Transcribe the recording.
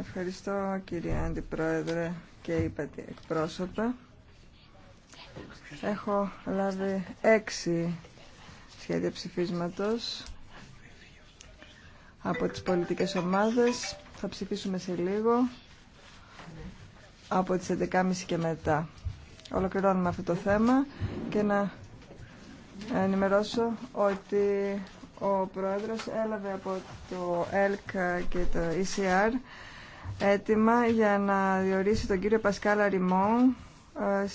Ευχαριστώ κύριε Αντιπρόεδρε και είπατε εκπρόσωπα. Έχω λάβει έξι σχέδια ψηφίσματος από τις πολιτικές ομάδες. Θα ψηφίσουμε σε λίγο από τις 11.30 και μετά. Ολοκληρώνουμε αυτό το θέμα και να ενημερώσω ότι ο Πρόεδρος έλαβε από το ΕΛΚ και το ECR Έτοιμα για να διορίσει τον κύριο Πασκάλα Ριμό ε,